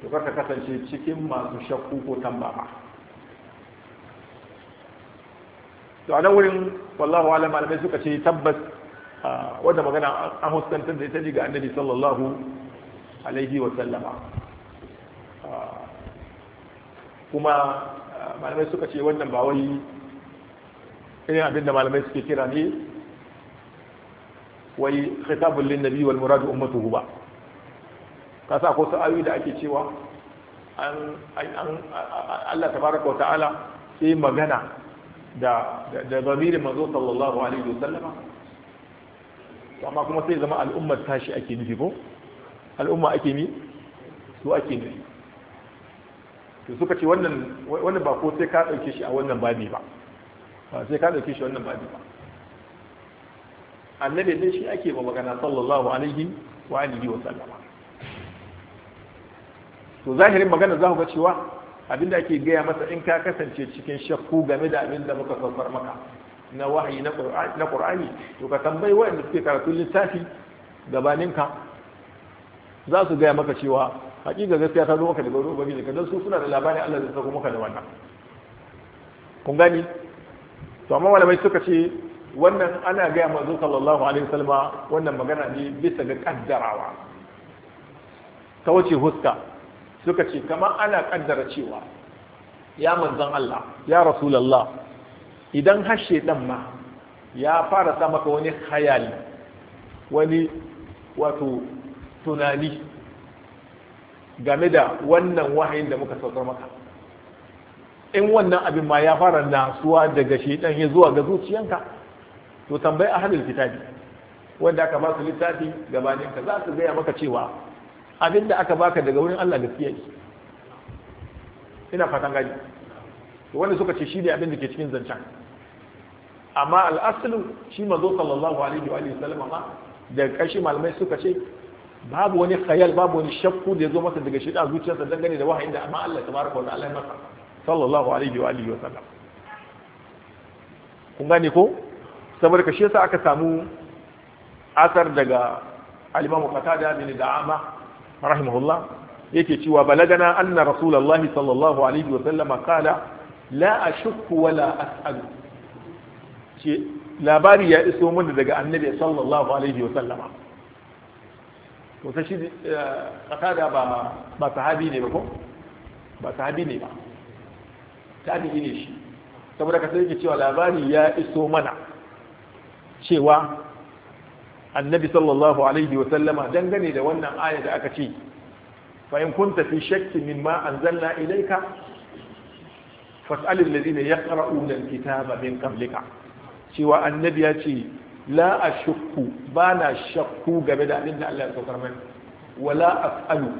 to ka kasance cikin masu shakku ko tambaya to a nan wurin wallahu alam malamai suka ce tabbas wanda magana an huskantar da ita ji ga annabi sallallahu alaihi wa sallama kuma malamai suka ce wannan ba wai irin abin da malamai suke kira ne wai khitabul lin nabi wal murad ummatuhu ba ka sa ko su da ake cewa an an Allah tabaraka wa ta'ala sai magana da da zamirin manzo sallallahu alaihi wasallama amma kuma sai zama al'ummar tashi ake nufi ko al'umma ake ni su ake nufi to suka ce wannan wannan ba ko sai ka dauke shi a wannan babi ba ba sai ka dauke shi wannan babi ba annabi dai shi ake ba magana sallallahu alaihi wa alihi wa sallama to zahirin magana za ku ga cewa abinda ake gaya masa in ka kasance cikin shakku game da abinda muka saukar maka na wahayi na qur'ani to ka tambayi waɗanda suke karatun littafi gabaninka za su gaya maka cewa hakika gaskiya ta zo maka daga ruwan ubangiji ka don su suna da labarin Allah da sauko maka da wannan kun gani to amma malamai suka ce wannan ana gaya manzo sallallahu alaihi wasallam wannan magana ne bisa ga kaddarawa ta wuce huska suka ce kamar ana kaddara cewa ya manzon Allah ya rasulullah idan har shedan ma ya fara sa maka wani hayali wani wato tunani game da wannan wahayin da muka saukar maka in wannan abin ma ya fara nasuwa daga shedan ya zuwa ga zuciyanka to tambayi a ahlul kitabi wanda aka ba su littafi gabaninka za su gaya maka cewa abin da aka baka daga wurin Allah gaskiya ne ina fatan gani wanda suka ce shi ne abin da ke cikin zancen amma al'asulun shi mazo sallallahu alaihi wa sallam ma, da ƙarshe malamai suka ce babu wani khayal babu wani shakku da ya zo masa daga shida zuciyarsa dangane da wahayin da amma Allah tabaraka wa ta'ala masa sallallahu alaihi wa alihi wa sallam kun gane ko saboda kashi shi yasa aka samu asar daga al-Imam Qatada bin Da'ama rahimahullah yake cewa balagana anna rasulullah sallallahu alaihi wa sallam qala la ashukku wa la as'alu ce labari ya iso mun daga annabi sallallahu alaihi wa sallama kusa shi eh, qatada ba ba sahabi ne ba ko ba sahabi ne ba tabi'i ne shi saboda ka sai cewa labari ya iso mana cewa annabi sallallahu alaihi wa sallama dangane da wannan aya da aka ce fa in kunta fi shakkin mimma anzalna ilayka fas'al ya yaqra'una alkitaba min qablika cewa annabi ya ce la shukku, ba na shakku game da abin da Allah ya saukar mani wala as'alu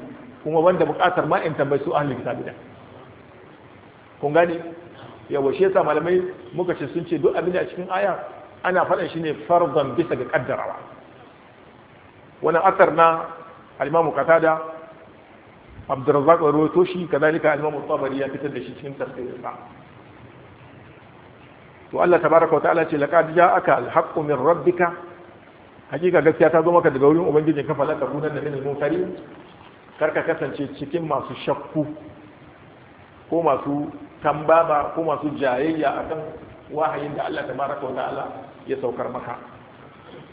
kuma wanda bukatar ma in tambayi su ahlul kitabi da kun gane yawa shi yasa malamai muka ce sun ce duk abin da a cikin aya ana faɗa shi ne farzan bisa ga kaddarawa wannan asar na al-Imam Qatada Abdurrazzaq rawaito shi kazalika al-Imam Tabari ya fitar da shi cikin tafsirinsa to Allah tabaraka wa ta'ala ce laqad ja'aka al-haqqu min rabbika hakika gaskiya ta zo maka daga wurin ubangijin ka falaka gunan da minal mutari karka kasance cikin masu shakku ko masu tambaba ko masu jayayya akan wahayin da Allah tabaraka wa ta'ala ya saukar maka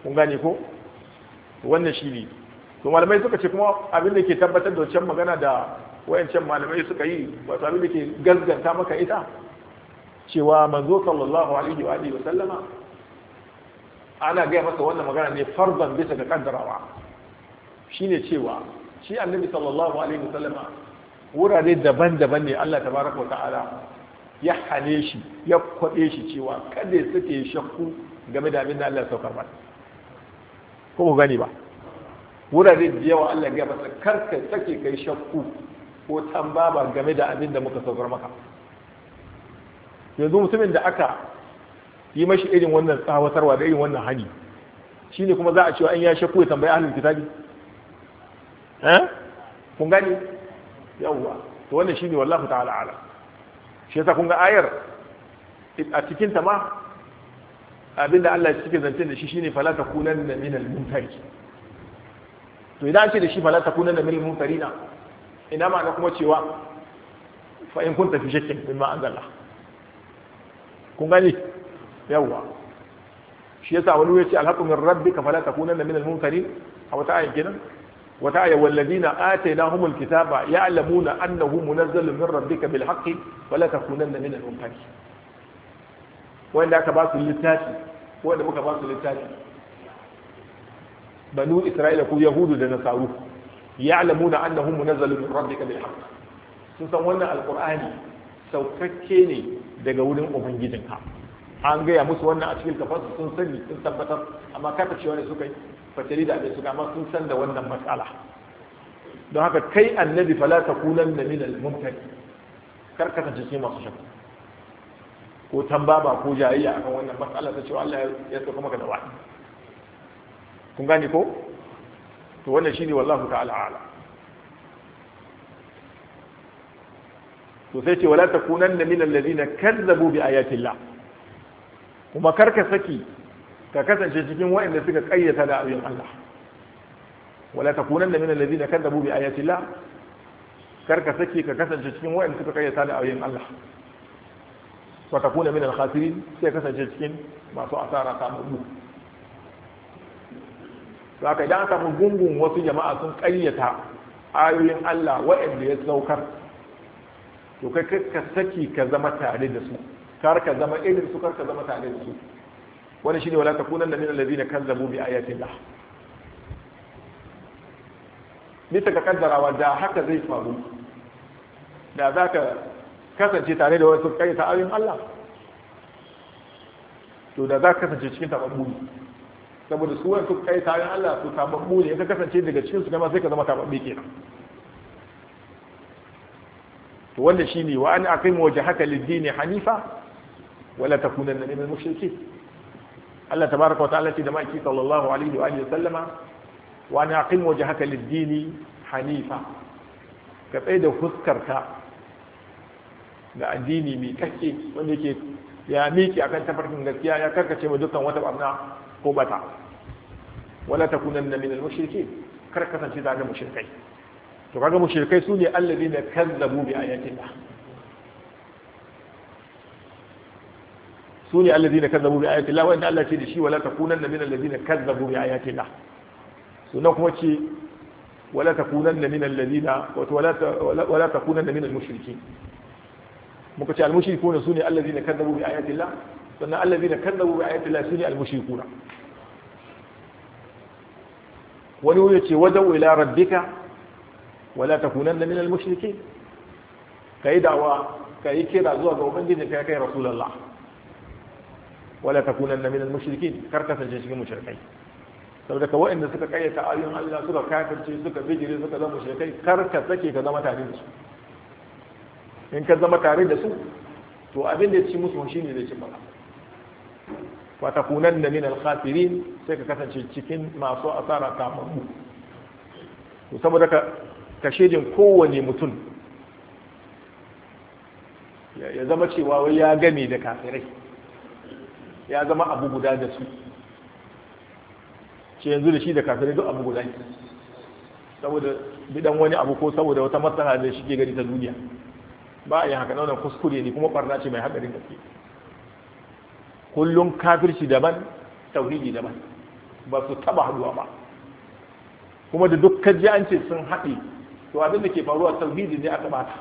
kun gane ko wannan shine to malamai suka ce kuma abin da ke tabbatar da wancan magana da wayancan malamai suka yi wato abin da ke gaskanta maka ita cewa manzo sallallahu alaihi wa alihi sallama ana ga masa wannan magana ne farban bisa ga kaddarawa shine cewa shi annabi sallallahu alaihi wa sallama wurare daban-daban ne Allah tabaraka wa ta'ala ya hane shi ya kwade shi cewa kada ya sake shakku game da abin da Allah ya saukar ba ko ku gani ba wurare da yawa Allah ya ga masa karka sake kai shakku ko tambaba game da abin da muka saukar maka yanzu mutumin da aka yi mashi irin wannan tsawatarwa da irin wannan hani ne kuma za a cewa an ya shakku ya tambayi ahalin kitabi eh kun gani yawwa to wannan shine wallahi ta'ala ala shi yasa kun ga ayar a cikin ta ma abinda Allah ya cike zance da shi shi ne Falata fala da minal mumtari to idan ce da shi Falata fala takunanna minal na? ina ma kuma cewa fa in kunta fi shakkin mimma anzala kun gani yawa shi yasa wani ya ce alhaqu min rabbika fala takunanna minal mumtarin a wata ayin kenan wata ayin na atainahumul kitaba ya'lamuna annahu munazzalun min rabbika bil haqqi fala takunanna minal mumtarin wanda aka ba su littafi wanda muka ba su littafi banu isra'ila ko yahudu da nasaru ya ya'lamuna annahu munazzalun min rabbika bil haqqi sun san wannan Alƙur'ani saukakke ne daga wurin ubangijinka an gaya musu wannan a cikin kafarsu sun sani sun tabbatar amma kafa cewa ne suka yi fatari da abin suka amma sun san da wannan matsala don haka kai annabi fala ta kulan da min al-mumtari kar ka shi masu shakku ko tambaba ko jayayya akan wannan matsala ta cewa Allah ya saka maka da wani kun gane ko to wannan shine wallahu ta'ala a'lam to sai ce wala takunanna minal ladina kazzabu bi ayatillah kuma karka saki ka kasance cikin waɗanda suka kayyata da ayoyin Allah wala takunanna minal ladina kazzabu bi ayatillah karka saki ka kasance cikin waɗanda suka kayyata da ayoyin Allah wa takuna minal khasirin sai kasance cikin masu asara samu to haka idan aka samu gungun wasu jama'a sun kayyata ayoyin Allah waɗanda ya saukar to kai ka saki ka zama tare da su kar ka zama irin su kar ka zama tare da su wannan shine wala takunan da min allazina kazzabu bi ayatin Allah bisa ka kaddarawa da haka zai faru da za ka kasance tare da wasu kai ta ayoyin Allah to da za ka kasance cikin tababbu saboda su wani su kai ta ayoyin Allah su tababbu ne ka kasance daga cikin su ma sai ka zama tababbe kenan to wannan shine wa an aqim wajhaka haka Lidini hanifa wala takunanna minal mushrikeen Allah tabaaraka wa ta'ala ce da maki sallallahu alaihi wa alihi sallama wa an aqim wajhaka haka Lidini hanifa ka tsaye da fuskarka da addini mai kake wanda ke ya miki akan tafarkin gaskiya ya karkace mu dukkan wata barna ko bata wala takunanna minal mushrikeen kar kasance da mushrikai to kaga mushrikai su ne allazina kazzabu bi ayatina su ne allazina kazzabu bi ayatina wanda Allah ce da shi wala takunanna min allazina kazzabu bi ayatina sunan kuma ce wala takunanna min allazina wala takunanna min almushrikin muka ce almushrikuna su ne allazina kazzabu bi ayatina sannan allazina kazzabu bi ayatina su ne almushrikuna wani wuya ce wajen ila rabbika wala takunanna minal mushrikin kai dawa kai kira zuwa ga ubangiji kai kai rasulullah wala takunanna minal mushrikin kar ka sanje cikin mushrikai saboda ka waɗanda suka kayyata ayoyin Allah suka kafirce suka bijire suka zama mushrikai kar ka sake ka zama tare da su in ka zama tare da su to abin da ya ci musu shine zai ci maka fa takunanna min al sai ka kasance cikin masu asara mu saboda ka Kashejin shaidin kowane mutum ya zama cewa wai ya game da kafirai ya zama abu guda da su ce yanzu da shi da kafirai duk abu guda ne saboda bidan wani abu ko saboda wata matsala da shi ke gari ta duniya ba a yi haka nauna kuskure ne kuma barna ce mai haɗarin gaske kullum kafirci daban tauhidi daban ba su taba haduwa ba kuma da duk kaji an ce sun haɗe to abin da ke faruwa tauhidi ne aka bata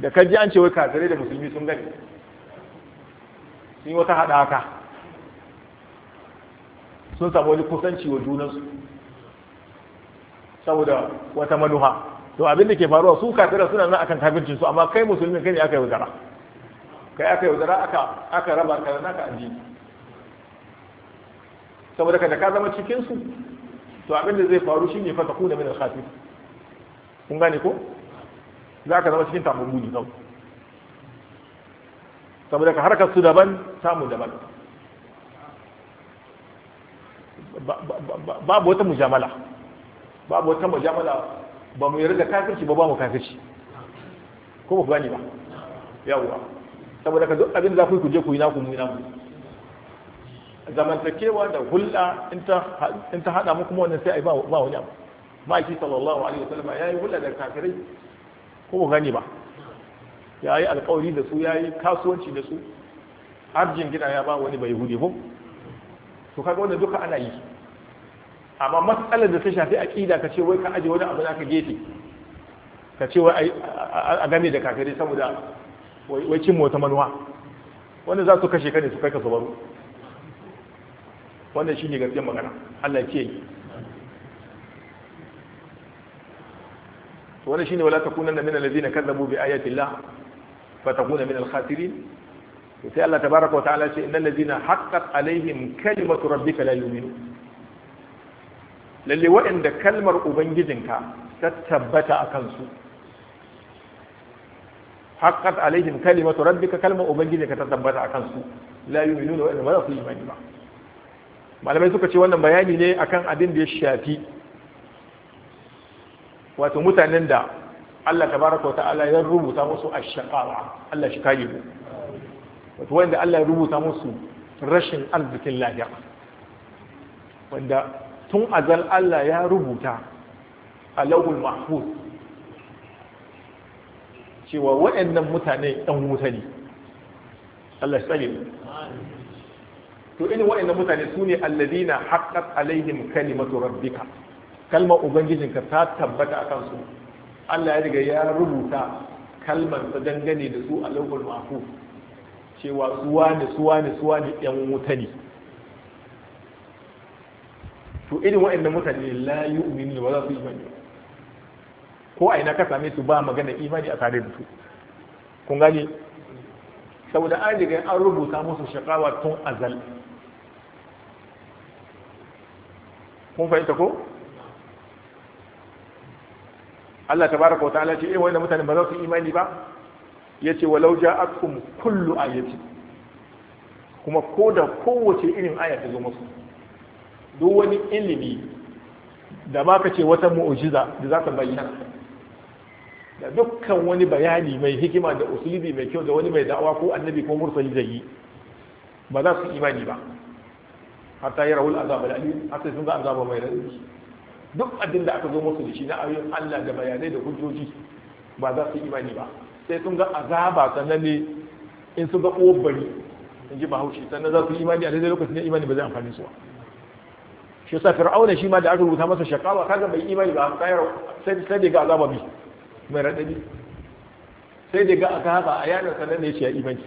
da kaji an ce wai kafirai da musulmi sun gani sun yi wata haɗaka sun samu wani kusanci wa junansu saboda wata manuha to abin da ke faruwa su kafirai suna nan akan kafircin su amma kai musulmi kai ne aka yaudara kai aka yaudara aka aka raba ka da ka addini saboda ka da ka zama cikin su to abin da zai faru shine fa kuna min al-khasir kun gane ko za ka zama cikin tamun muni zau saboda ka harkar su daban samu daban babu wata mujamala babu wata mujamala ba mu yarda kafirci ba ba mu kafirci ko ba ku gane ba yawwa saboda ka duk abin za ku yi ku je ku yi naku mu naku zamantakewa da hulɗa in ta haɗa mu kuma wannan sai a yi ba wani abu maki sallallahu alaihi wasallam ya yi hulɗa da kafirai ko ba gani ba ya yi alkawari da su ya yi kasuwanci da su harjin gida ya ba wani bai hudu ko to kaga wanda duka ana yi amma matsalar da ta shafi ƙida ka ce wai ka aje wani abu na ka gefe ka ce wai a game da kafirai saboda wai cin wata manuwa wanda za su kashe ka ne su kai ka su baro wannan shine gaskiyar magana Allah ya to wannan shine wala takunanna minal ladina kazzabu bi ayati llah fatakuna minal khasirin to sai Allah tabaraka wa ta'ala ce innal ladina haqqat alaihim kalimatu rabbika la yu'minun lalle waɗanda kalmar ubangijinka ta tabbata a kansu haqqat alaihim kalimatu rabbika kalmar ubangijinka ta tabbata a kansu la yu'minuna wa la yu'minuna ba malamai suka ce wannan bayani ne akan abin da ya shafi wato mutanen da Allah tabaraka wa ta'ala ya rubuta musu ash-shaqawa Allah shi kage mu wato wanda Allah ya rubuta musu rashin arzikin lafiya wanda tun azal Allah ya rubuta a lawul mahfuz cewa waɗannan mutane ɗan wuta ne Allah tsare mu to irin waɗannan mutane su ne alladina haqqat alaihim kalimatu rabbika kalmar ubangijinka ta tabbata a kansu Allah ya riga ya rubuta kalmarsa dangane da su a lokacin mafu cewa suwa ne suwa ne suwa ne yan wuta ne to irin waɗannan mutane la umini wa za su imani ko a ina ka same su ba magana imani a tare da su kun gani. saboda an riga an rubuta musu shakawa tun azal kun fahimta ko Allah tabaraka wa ta'ala ce eh wai da mutane ba za su imani ba yace walau ja'akum kullu ayati kuma ko da kowace irin aya ta zo musu duk wani ilimi da ba ka ce wata mu'ujiza da za ka bayyana da dukkan wani bayani mai hikima da usulubi mai kyau da wani mai da'awa ko annabi ko mursali zai yi ba za su imani ba hatta yi rahul azab al'alim hatta sun ga azaba mai radadi duk abin da aka zo musu da shi na ayoyin Allah da bayanai da hujjoji ba za su imani ba sai sun ga azaba sannan ne in su ga ƙobari in ji bahaushe sannan za su imani a daidai lokacin da imani ba zai amfani su ba shi sa fir'auna shi ma da aka rubuta masa shakawa kaga bai imani ba sai sai da ga azaba bi mai radadi sai da ga aka haka a yanar sannan ne shi ya imani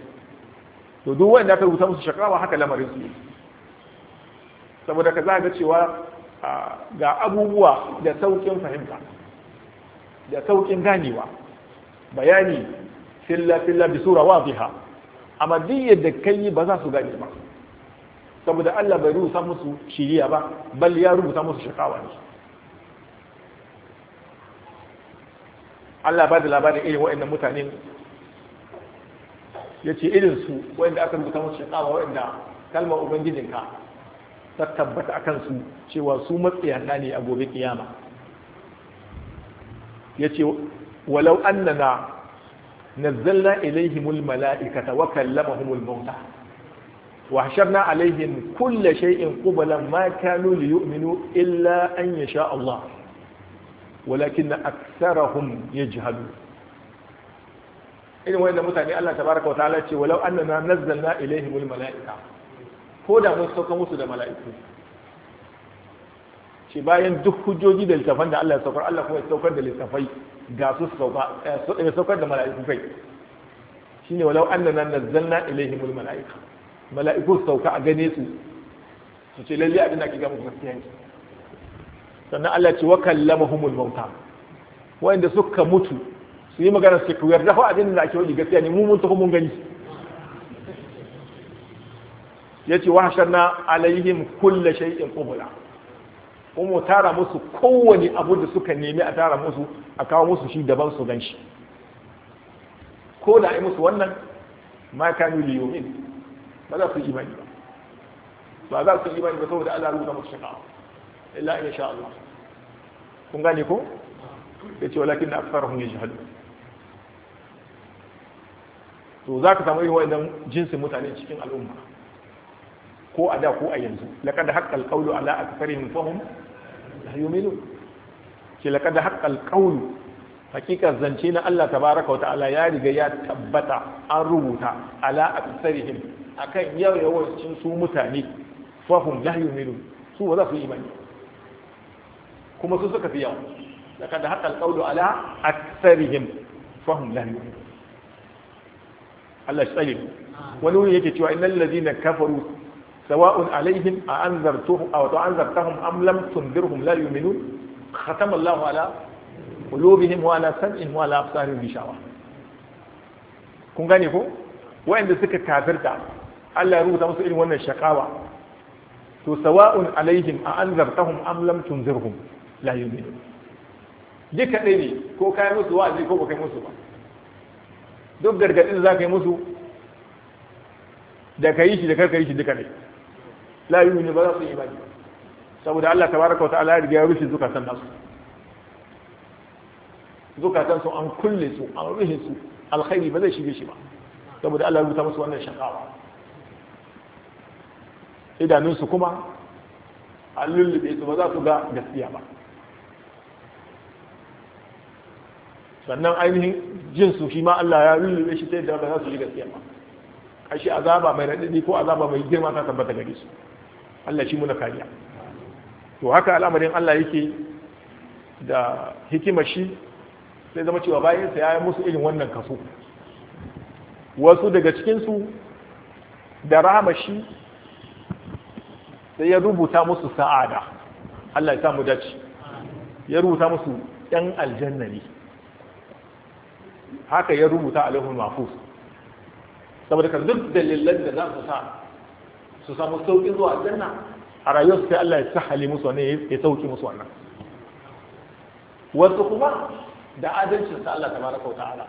to duk wanda aka rubuta masa shakawa haka lamarin su saboda ka za ga cewa ga abubuwa da saukin fahimta da saukin ganewa bayani filla filla bi sura wadiha amma duk yadda kai ba za su gane ba saboda Allah bai rubuta musu shiriya ba bal ya rubuta musu shakawa ne Allah ba da labarin irin waɗannan mutane ya ce irin su waɗanda aka rubuta musu shakawa waɗanda kalmar ubangijinka ta tabbata a kansu cewa su matsiyata ne a gobe kiyama ya ce walau annana nazzalna ilaihimul mala'ikata wa kallamahumul mauta wa hasharna alaihin kulla shay'in qubalan ma kanu liyu'minu illa an sha Allah walakin ya yajhalun irin wanda mutane Allah tabaraka wa ta'ala ce walau annana nazzalna ilaihimul mala'ikata ko da mun sauka musu da mala'iku shi bayan duk hujjoji da littafan da Allah ya saukar Allah kuma ya saukar da littafai ga su sauka eh, ya saukar da mala'iku kai shine walau annana nazzalna ilaihimul mala'ika mala'iku sauka a gane su su ce lalle abin da ke ga muku gaskiya sannan Allah ya ce wa kallamahumul mauta wanda suka mutu su yi magana su yarda fa abin da ake wadi gaskiya ne mu mun tafi mun gani ce wa na alayhim kulle shay'in qubla kuma tara musu kowane abu da suka nemi a tara musu a kawo musu shi daban su gan shi ko da yi musu wannan ma ka nuli yomin ba za su imani ba ba za su imani ba saboda Allah rubuta musu shaka illa in sha Allah kun gane ko ya ce walakin aktharuhum yajhalun to za ka samu irin wannan jinsin mutane cikin al'umma ko a da ko a yanzu laqad haqqal qawlu ala aktharihim fahum la yu'minun ki laqad haqqal qawlu hakika zance na Allah tabaraka wa ta'ala ya riga ya tabbata an rubuta ala aktharihim akan yawancin su mutane fahum la yu'minun su ba za su imani kuma su suka fi yawa laqad haqqal qawlu ala aktharihim fahum la yu'minun Allah shi tsare wani wuri yake cewa innal na kafaru sawa'un alaihim a anzartuhum aw anzartahum am lam tundirhum la yu'minun khatama Allahu ala qulubihim wa ala sam'ihim wa ala absarihim bishawa kun gane ko wayanda suka kafirta Allah ya rubuta musu irin wannan shakawa to sawa'un alaihim a anzartahum am lam tunzirhum la yu'minun duka ɗaya ne ko kai musu wa'azi ko baka musu ba duk gargadin za ka yi musu da ka yi shi da karka yi shi duka ɗaya la yu'minu ba za su yi baki saboda Allah ta baraka wa ta'ala ya riga ya rufe zukatan nasu zukatan su an kulle su an rufe su alkhairi ba zai shige shi ba saboda Allah ya rubuta musu wannan shakawa idanun su kuma an lullube su ba za su ga gaskiya ba sannan ainihin su shi ma Allah ya lullube shi ta yadda ba za su ji gaskiya ba kashi azaba mai raɗaɗi ko azaba mai girma ta tabbata gare su Allah shi muna kariya to haka al'amarin Allah yake da hikimar shi sai zama cewa bayansa ya yi musu irin wannan kaso wasu daga cikinsu da shi sai ya rubuta musu sa'ada Allah ya samu dace ya rubuta musu ɗan aljanna haka ya rubuta alaihul mafus saboda ka duk dalilan da za su sa su samu sauƙi zuwa janna, a rayuwar sai Allah ya sahali musu wani ya sauƙi musu wannan wasu kuma da adalcin sa Allah tabara wa ta'ala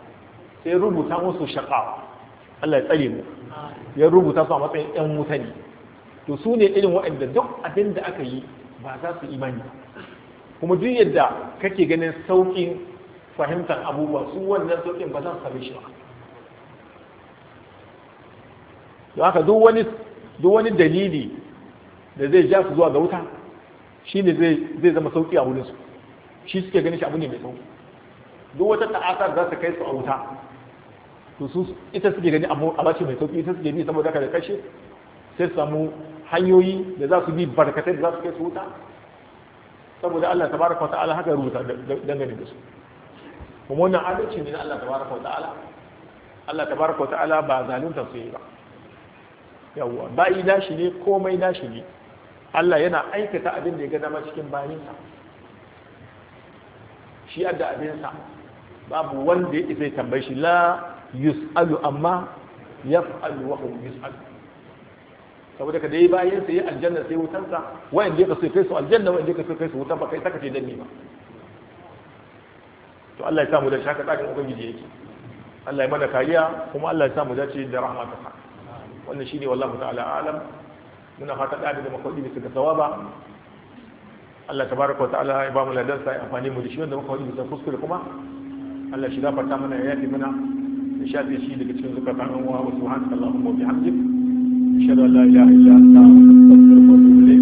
sai rubuta musu shaqawa Allah ya tsare mu ya rubuta su a matsayin wuta ne. to su ne irin waɗanda duk abin da aka yi ba za su imani kuma duk yadda kake ganin sauƙin fahimtar abubuwa su wannan sauƙin ba za su same shi ba don haka duk wani duk wani dalili da zai ja su zuwa ga wuta shi ne zai zama sauki a wurinsu shi suke ganin shi abu ne mai sauki duk wata ta'asar za su kai su a wuta to su ita suke gani a bashi mai sauki ita suke bi saboda ka da kashe sai su samu hanyoyi da za su bi barkatai da za su kai su wuta saboda Allah tabaraka wa ta'ala haka rubuta dangane da su kuma wannan adalci ne na Allah ta baraka ta'ala Allah tabaraka ta'ala ba zalunta su yi ba yawwa bayi nashi ne komai nashi ne Allah yana aikata abin da ya ga dama cikin bayinsa shi adda abinsa babu wanda ya zai tambaye shi la yus'alu amma yaf'alu wa hum yus'alu saboda ka dai bayan sai aljanna sai wutansa wayan da ka sai kai su aljanna wayan da ka sai kai su wutan ba kai saka ce danni ba to Allah ya samu da shaka tsakin ubangiji yake Allah ya mana kariya kuma Allah ya samu dace da rahmatarsa wannan shine wallahu ta'ala alam muna fata da da makwaji bisa ga sawaba Allah tabaraka wa ta'ala ya ba mu ladan sai amfani mu da shi wanda muka wani bisa kuskure kuma Allah shi gafarta mana ya yafi mana ya shi daga cikin zakatan uwa wa subhanaka allahumma wa bihamdik ashhadu an la ilaha illa anta astaghfiruka wa atubu ilayk